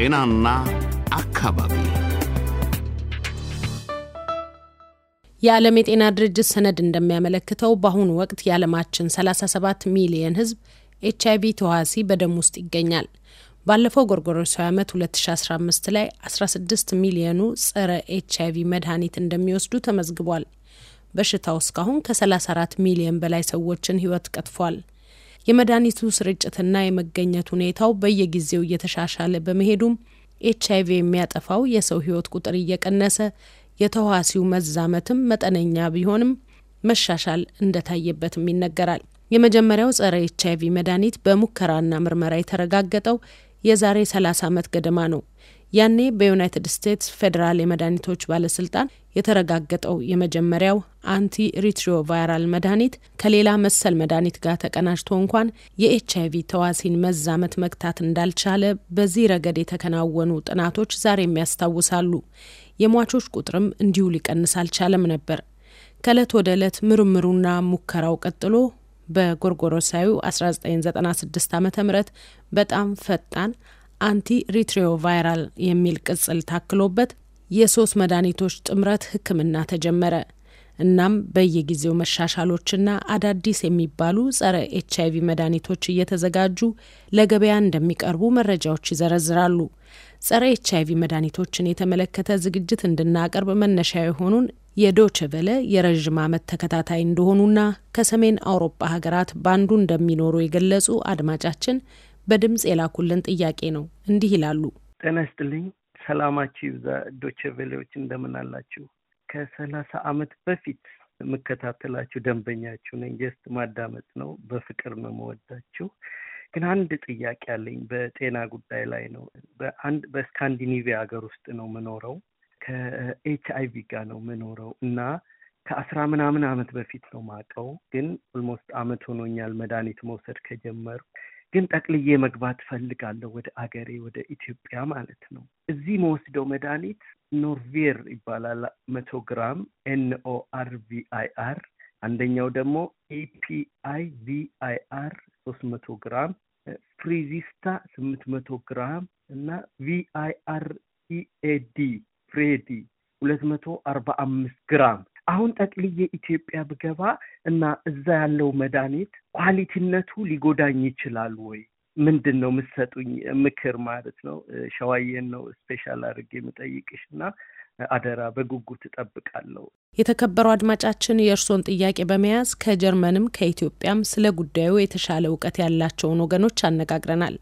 ጤናና አካባቢ የዓለም የጤና ድርጅት ሰነድ እንደሚያመለክተው በአሁኑ ወቅት የዓለማችን 37 ሚሊየን ህዝብ ኤች አይቪ ተዋሲ በደም ውስጥ ይገኛል። ባለፈው ጎርጎሮሳዊ ዓመት 2015 ላይ 16 ሚሊየኑ ጸረ ኤች አይቪ መድኃኒት እንደሚወስዱ ተመዝግቧል። በሽታው እስካሁን ከ34 ሚሊየን በላይ ሰዎችን ሕይወት ቀጥፏል። የመድኃኒቱ ስርጭትና የመገኘት ሁኔታው በየጊዜው እየተሻሻለ በመሄዱም ኤች አይቪ የሚያጠፋው የሰው ህይወት ቁጥር እየቀነሰ የተዋሲው መዛመትም መጠነኛ ቢሆንም መሻሻል እንደታየበትም ይነገራል። የመጀመሪያው ጸረ ኤች አይቪ መድኃኒት በሙከራና ምርመራ የተረጋገጠው የዛሬ 30 ዓመት ገደማ ነው። ያኔ በዩናይትድ ስቴትስ ፌዴራል የመድኃኒቶች ባለስልጣን የተረጋገጠው የመጀመሪያው አንቲ ሪትሮቫይራል መድኃኒት ከሌላ መሰል መድኃኒት ጋር ተቀናጅቶ እንኳን የኤች አይቪ ተዋሲን መዛመት መግታት እንዳልቻለ በዚህ ረገድ የተከናወኑ ጥናቶች ዛሬም ያስታውሳሉ። የሟቾች ቁጥርም እንዲሁ ሊቀንስ አልቻለም ነበር። ከእለት ወደ ዕለት ምርምሩና ሙከራው ቀጥሎ በጎርጎሮሳዊው 1996 ዓ ም በጣም ፈጣን አንቲ ቫይራል የሚል ቅጽል ታክሎበት የሶስት መድኃኒቶች ጥምረት ህክምና ተጀመረ። እናም በየጊዜው መሻሻሎችና አዳዲስ የሚባሉ ጸረ ኤች አይቪ መድኃኒቶች እየተዘጋጁ ለገበያ እንደሚቀርቡ መረጃዎች ይዘረዝራሉ። ጸረ ኤች አይቪ መድኃኒቶችን የተመለከተ ዝግጅት እንድናቀርብ መነሻ የሆኑን የዶችቨለ የረዥም ዓመት ተከታታይ እንደሆኑና ከሰሜን አውሮፓ ሀገራት ባንዱ እንደሚኖሩ የገለጹ አድማጫችን በድምፅ የላኩልን ጥያቄ ነው። እንዲህ ይላሉ። ጤና ይስጥልኝ። ሰላማችሁ ይብዛ። ዶቼ ቬሌዎች እንደምን አላችሁ? ከሰላሳ አመት በፊት የምከታተላችሁ ደንበኛችሁ ነኝ። ጀስት ማዳመጥ ነው። በፍቅር ነው መወዳችሁ። ግን አንድ ጥያቄ አለኝ በጤና ጉዳይ ላይ ነው። በአንድ በስካንዲኒቪያ ሀገር ውስጥ ነው የምኖረው። ከኤች አይቪ ጋር ነው የምኖረው እና ከአስራ ምናምን አመት በፊት ነው ማቀው፣ ግን ኦልሞስት አመት ሆኖኛል መድኃኒት መውሰድ ከጀመርኩ። ግን ጠቅልዬ መግባት ፈልጋለሁ ወደ አገሬ ወደ ኢትዮጵያ ማለት ነው። እዚህ መወስደው መድኃኒት ኖርቬር ይባላል። መቶ ግራም ኤንኦ አር አንደኛው ደግሞ ኤፒአይ ቪ ሶስት መቶ ግራም ፍሪዚስታ ስምንት መቶ ግራም እና ቪአይአር ኢኤዲ ፍሬዲ ሁለት መቶ አርባ አምስት ግራም አሁን ጠቅልዬ ኢትዮጵያ ብገባ እና እዛ ያለው መድኃኒት ኳሊቲነቱ ሊጎዳኝ ይችላል ወይ? ምንድን ነው የምትሰጡኝ ምክር ማለት ነው? ሸዋዬን ነው ስፔሻል አድርጌ የምጠይቅሽ እና አደራ በጉጉት እጠብቃለሁ። የተከበሩ አድማጫችን የእርስዎን ጥያቄ በመያዝ ከጀርመንም ከኢትዮጵያም ስለ ጉዳዩ የተሻለ እውቀት ያላቸውን ወገኖች አነጋግረናል።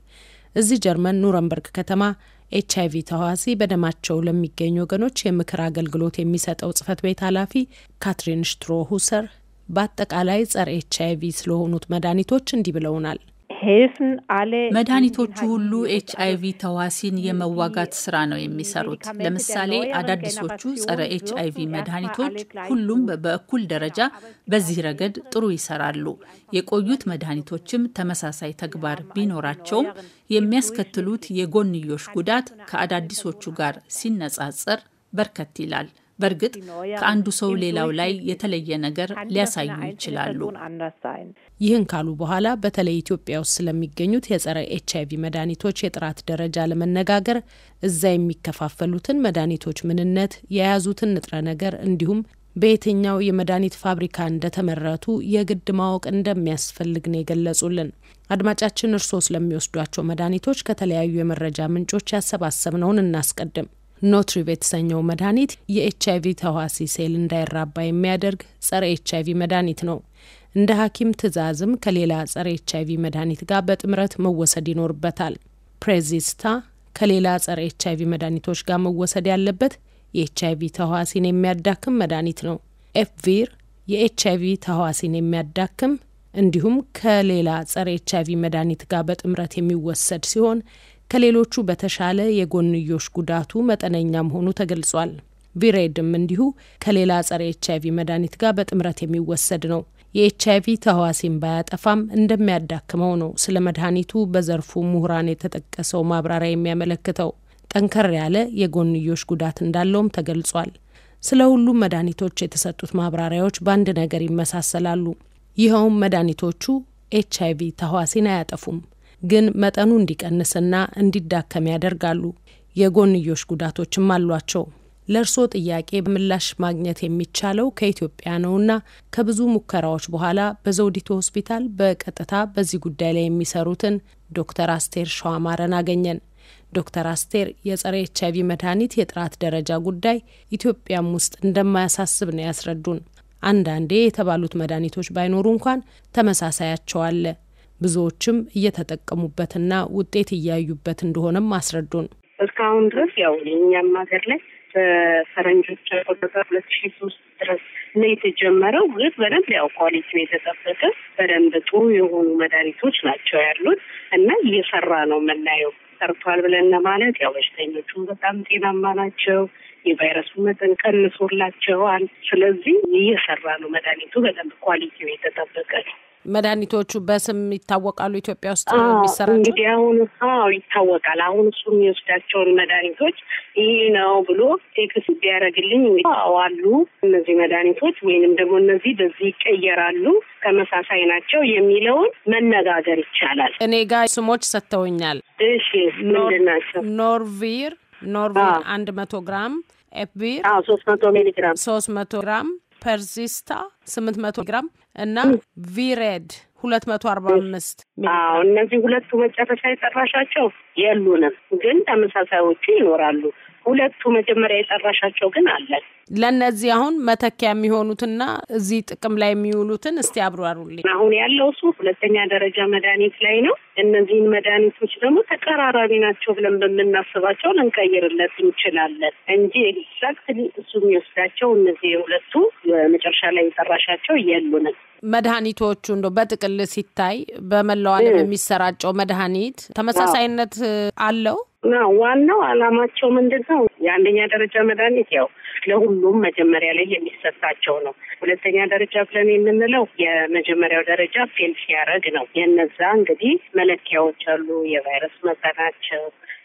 እዚህ ጀርመን ኑረንበርግ ከተማ ኤች አይቪ ተዋሲ በደማቸው ለሚገኙ ወገኖች የምክር አገልግሎት የሚሰጠው ጽህፈት ቤት ኃላፊ ካትሪን ሽትሮ ሁሰር በአጠቃላይ ጸረ ኤች ስለሆኑት መድኃኒቶች እንዲህ ብለውናል። መድኃኒቶቹ ሁሉ ኤች አይ ቪ ተዋሲን የመዋጋት ስራ ነው የሚሰሩት። ለምሳሌ አዳዲሶቹ ጸረ ኤች አይ ቪ መድኃኒቶች ሁሉም በእኩል ደረጃ በዚህ ረገድ ጥሩ ይሰራሉ። የቆዩት መድኃኒቶችም ተመሳሳይ ተግባር ቢኖራቸውም የሚያስከትሉት የጎንዮሽ ጉዳት ከአዳዲሶቹ ጋር ሲነጻጸር በርከት ይላል። በእርግጥ ከአንዱ ሰው ሌላው ላይ የተለየ ነገር ሊያሳዩ ይችላሉ። ይህን ካሉ በኋላ በተለይ ኢትዮጵያ ውስጥ ስለሚገኙት የጸረ ኤች አይቪ መድኃኒቶች የጥራት ደረጃ ለመነጋገር እዛ የሚከፋፈሉትን መድኃኒቶች ምንነት፣ የያዙትን ንጥረ ነገር እንዲሁም በየትኛው የመድኃኒት ፋብሪካ እንደተመረቱ የግድ ማወቅ እንደሚያስፈልግ ነው የገለጹልን። አድማጫችን እርስዎ ስለሚወስዷቸው መድኃኒቶች ከተለያዩ የመረጃ ምንጮች ያሰባሰብነውን እናስቀድም። ኖትሪ የተሰኘው መድኃኒት የኤች አይቪ ተዋሲ ሴል እንዳይራባ የሚያደርግ ጸረ ኤች አይቪ መድኃኒት ነው። እንደ ሐኪም ትዕዛዝም ከሌላ ጸረ ኤች አይቪ መድኃኒት ጋር በጥምረት መወሰድ ይኖርበታል። ፕሬዚስታ ከሌላ ጸረ ኤች መድኃኒቶች ጋር መወሰድ ያለበት የኤች ተዋሲን የሚያዳክም መድኃኒት ነው። ኤፍቪር የኤች ተዋሲን የሚያዳክም እንዲሁም ከሌላ ጸረ ኤች መድኃኒት ጋር በጥምረት የሚወሰድ ሲሆን ከሌሎቹ በተሻለ የጎንዮሽ ጉዳቱ መጠነኛ መሆኑ ተገልጿል። ቪሬድም እንዲሁ ከሌላ ጸረ ኤች አይቪ መድኃኒት ጋር በጥምረት የሚወሰድ ነው። የኤች አይቪ ተህዋሲን ባያጠፋም እንደሚያዳክመው ነው ስለ መድኃኒቱ በዘርፉ ምሁራን የተጠቀሰው ማብራሪያ የሚያመለክተው። ጠንከር ያለ የጎንዮሽ ጉዳት እንዳለውም ተገልጿል። ስለ ሁሉም መድኃኒቶች የተሰጡት ማብራሪያዎች በአንድ ነገር ይመሳሰላሉ። ይኸውም መድኃኒቶቹ ኤች አይቪ ተህዋሲን አያጠፉም ግን መጠኑ እንዲቀንስና እንዲዳከም ያደርጋሉ። የጎንዮሽ ጉዳቶችም አሏቸው። ለእርስዎ ጥያቄ ምላሽ ማግኘት የሚቻለው ከኢትዮጵያ ነውና ከብዙ ሙከራዎች በኋላ በዘውዲቱ ሆስፒታል በቀጥታ በዚህ ጉዳይ ላይ የሚሰሩትን ዶክተር አስቴር ሸዋማረን አገኘን። ዶክተር አስቴር የጸረ ኤች አይቪ መድኃኒት የጥራት ደረጃ ጉዳይ ኢትዮጵያም ውስጥ እንደማያሳስብ ነው ያስረዱን። አንዳንዴ የተባሉት መድኃኒቶች ባይኖሩ እንኳን ተመሳሳያቸው አለ። ብዙዎችም እየተጠቀሙበትና ውጤት እያዩበት እንደሆነም አስረዱን። እስካሁን ድረስ ያው የእኛም ሀገር ላይ በፈረንጆች ቆጠታ ሁለት ሺ ሶስት ድረስ ነው የተጀመረው። ግን በደንብ ያው ኳሊቲ ነው የተጠበቀ በደንብ ጥሩ የሆኑ መድኃኒቶች ናቸው ያሉት እና እየሰራ ነው የምናየው። ሰርቷል ብለን ለማለት ያው በሽተኞቹም በጣም ጤናማ ናቸው። የቫይረሱ መጠን ቀንሶላቸዋል። ስለዚህ እየሰራ ነው መድኃኒቱ በደንብ ኳሊቲ ነው የተጠበቀ ነው። መድኃኒቶቹ በስም ይታወቃሉ። ኢትዮጵያ ውስጥ የሚሰራ እንግዲህ አሁን አዎ ይታወቃል። አሁን እሱ የሚወስዳቸውን መድኃኒቶች ይህ ነው ብሎ ቴክስ ቢያደርግልኝ አዎ እነዚህ መድኃኒቶች ወይንም ደግሞ እነዚህ በዚህ ይቀየራሉ፣ ተመሳሳይ ናቸው የሚለውን መነጋገር ይቻላል። እኔ ጋር ስሞች ሰጥተውኛል። እሺ ምንድን ናቸው? ኖርቪር ኖርቪር አንድ መቶ ግራም ኤፕቪር ሶስት መቶ ሚሊግራም ሶስት መቶ ግራም ፐርዚስታ ስምንት መቶ ግራም እና ቪሬድ ሁለት መቶ አርባ አምስት አዎ እነዚህ ሁለቱ መጨረሻ የጠራሻቸው የሉንም፣ ግን ተመሳሳዮቹ ይኖራሉ። ሁለቱ መጀመሪያ የጠራሻቸው ግን አለን። ለእነዚህ አሁን መተኪያ የሚሆኑትና እዚህ ጥቅም ላይ የሚውሉትን እስቲ አብራሩልኝ። አሁን ያለው እሱ ሁለተኛ ደረጃ መድኃኒት ላይ ነው። እነዚህን መድኃኒቶች ደግሞ ተቀራራቢ ናቸው ብለን በምናስባቸው ልንቀይርለት እንችላለን እንጂ ኤግዛክት እሱ የሚወስዳቸው እነዚህ የሁለቱ መጨረሻ ላይ የጠራሻቸው የሉንም። መድኃኒቶቹ እንደው በጥቅል ሲታይ በመላው ዓለም የሚሰራጨው መድኃኒት ተመሳሳይነት አለው? እና ዋናው አላማቸው ምንድን ነው? የአንደኛ ደረጃ መድኃኒት ያው ለሁሉም መጀመሪያ ላይ የሚሰጣቸው ነው። ሁለተኛ ደረጃ ብለን የምንለው የመጀመሪያው ደረጃ ፌል ሲያደርግ ነው። የነዛ እንግዲህ መለኪያዎች አሉ። የቫይረስ መጠናቸው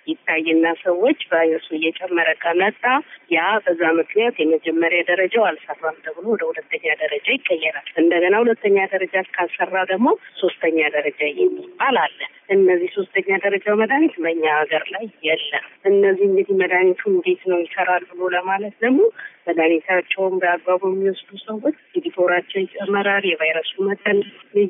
ይታይና ሰዎች ቫይረሱ እየጨመረ ከመጣ ያ በዛ ምክንያት የመጀመሪያ ደረጃው አልሰራም ተብሎ ወደ ሁለተኛ ደረጃ ይቀየራል። እንደገና ሁለተኛ ደረጃ ካልሰራ ደግሞ ሶስተኛ ደረጃ የሚባል አለ። እነዚህ ሶስተኛ ደረጃው መድኃኒት በእኛ ሀገር ላይ የለም። እነዚህ እንግዲህ መድኃኒቱ እንዴት ነው ይሰራል ብሎ ለማለት ደግሞ መድኃኒታቸውን በአግባቡ የሚወስዱ ሰዎች ዲቶራቸው ይጨመራል፣ የቫይረሱ መጠን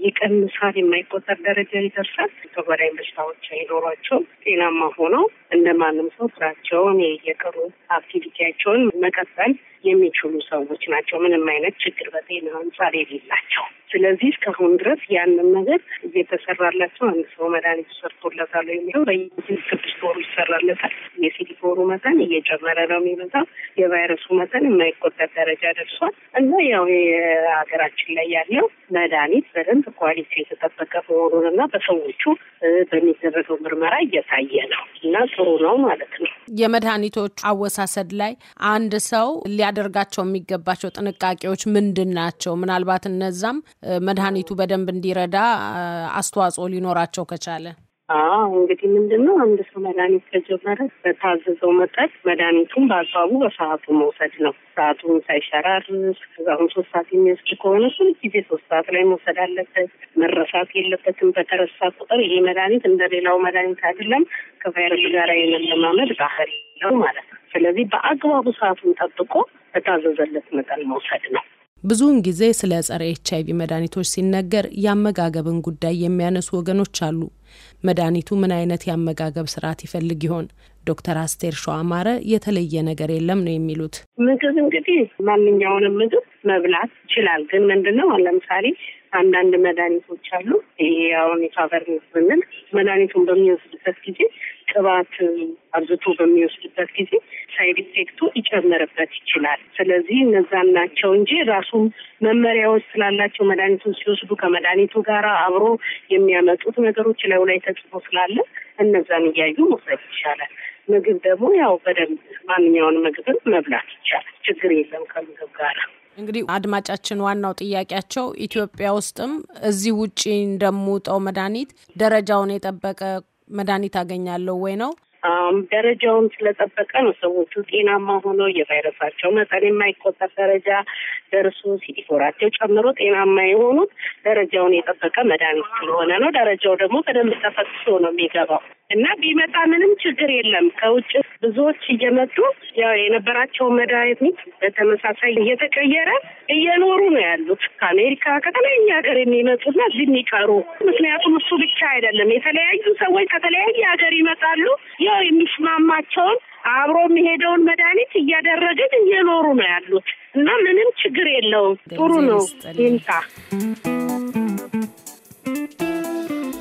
ይቀንሳል፣ የማይቆጠር ደረጃ ይደርሳል። ተጓዳኝ በሽታዎች አይኖሯቸውም ጤናማ ሆነው ነው። እንደ ማንም ሰው ስራቸውን የየቀሩ አክቲቪቲያቸውን መቀጠል የሚችሉ ሰዎች ናቸው። ምንም አይነት ችግር በጤና አንጻር የሌላቸው። ስለዚህ እስካሁን ድረስ ያንን ነገር እየተሰራላቸው አንድ ሰው መድኃኒት ሰርቶለታል የሚለው ስድስት ወሩ ይሰራለታል። የሲዲፎሩ መጠን እየጨመረ ነው የሚመጣው። የቫይረሱ መጠን የማይቆጠር ደረጃ ደርሷል እና ያው የሀገራችን ላይ ያለው መድኃኒት በደንብ ኳሊቲ የተጠበቀ መሆኑን እና በሰዎቹ በሚደረገው ምርመራ እየታየ ነው እና ጥሩ ነው ማለት ነው። የመድኃኒቶች አወሳሰድ ላይ አንድ ሰው ሊያደርጋቸው የሚገባቸው ጥንቃቄዎች ምንድን ናቸው? ምናልባት እነዛም መድኃኒቱ በደንብ እንዲረዳ አስተዋጽኦ ሊኖራቸው ከቻለ አዎ እንግዲህ ምንድን ነው አንድ ሰው መድኃኒት ከጀመረ በታዘዘው መጠን መድኃኒቱን በአግባቡ በሰዓቱ መውሰድ ነው። ሰዓቱን ሳይሸራርስ ከዛሁን ሶስት ሰዓት የሚወስድ ከሆነ ሁል ጊዜ ሶስት ሰዓት ላይ መውሰድ አለበት። መረሳት የለበትም። በተረሳ ቁጥር ይሄ መድኃኒት እንደ ሌላው መድኃኒት አይደለም። ከቫይረስ ጋር የመለማመድ ባህሪ ነው ማለት ነው። ስለዚህ በአግባቡ ሰዓቱን ጠብቆ በታዘዘለት መጠን መውሰድ ነው። ብዙውን ጊዜ ስለ ጸረ ኤች አይቪ መድኃኒቶች ሲነገር የአመጋገብን ጉዳይ የሚያነሱ ወገኖች አሉ። መድኃኒቱ ምን አይነት የአመጋገብ ስርዓት ይፈልግ ይሆን? ዶክተር አስቴር ሸዋ አማረ የተለየ ነገር የለም ነው የሚሉት። ምግብ እንግዲህ ማንኛውንም ምግብ መብላት ይችላል። ግን ምንድነው ለምሳሌ አንዳንድ መድኃኒቶች አሉ። ይሄ አሁን የፋቨር መድኃኒቱን በሚወስድበት ጊዜ ቅባት አብዝቶ በሚወስድበት ጊዜ ሳይድ ኢፌክቱ ሊጨምርበት ይችላል። ስለዚህ እነዛን ናቸው እንጂ ራሱም መመሪያዎች ስላላቸው መድኃኒቱን ሲወስዱ ከመድኃኒቱ ጋር አብሮ የሚያመጡት ነገሮች ላዩ ላይ ተጽፎ ስላለ እነዛን እያዩ መውሰድ ይቻላል። ምግብ ደግሞ ያው በደንብ ማንኛውን ምግብን መብላት ይቻላል። ችግር የለም ከምግብ ጋር እንግዲህ አድማጫችን ዋናው ጥያቄያቸው ኢትዮጵያ ውስጥም እዚህ ውጪ እንደምውጠው መድኃኒት ደረጃውን የጠበቀ መድኃኒት አገኛለሁ ወይ ነው ደረጃውን ስለጠበቀ ነው ሰዎቹ ጤናማ ሆኖ የቫይረሳቸው መጠን የማይቆጠር ደረጃ ደርሶ ሲዲፎራቸው ጨምሮ ጤናማ የሆኑት ደረጃውን የጠበቀ መድኃኒት ስለሆነ ነው። ደረጃው ደግሞ በደንብ ተፈትሾ ነው የሚገባው እና ቢመጣ ምንም ችግር የለም። ከውጭ ብዙዎች እየመጡ ያው የነበራቸው መድኃኒት በተመሳሳይ እየተቀየረ እየኖሩ ነው ያሉት ከአሜሪካ ከተለያየ ሀገር የሚመጡና እዚህ የሚቀሩ ምክንያቱም እሱ ብቻ አይደለም። የተለያዩ ሰዎች ከተለያየ ሀገር ይመጣሉ። የሚስማማቸውን አብሮ የሚሄደውን መድኃኒት እያደረግን እየኖሩ ነው ያሉት እና ምንም ችግር የለውም። ጥሩ ነው። ይምጣ።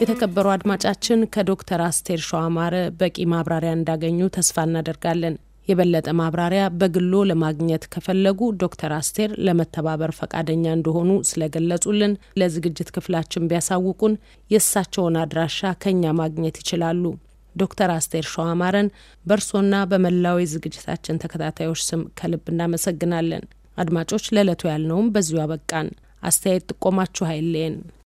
የተከበሩ አድማጫችን ከዶክተር አስቴር ሸዋማረ በቂ ማብራሪያ እንዳገኙ ተስፋ እናደርጋለን። የበለጠ ማብራሪያ በግሎ ለማግኘት ከፈለጉ ዶክተር አስቴር ለመተባበር ፈቃደኛ እንደሆኑ ስለገለጹልን ለዝግጅት ክፍላችን ቢያሳውቁን የእሳቸውን አድራሻ ከኛ ማግኘት ይችላሉ። ዶክተር አስቴር ሸዋማረን በእርሶና በመላዊ ዝግጅታችን ተከታታዮች ስም ከልብ እናመሰግናለን። አድማጮች ለዕለቱ ያልነውም በዚሁ አበቃን። አስተያየት ጥቆማችሁ አይለየን።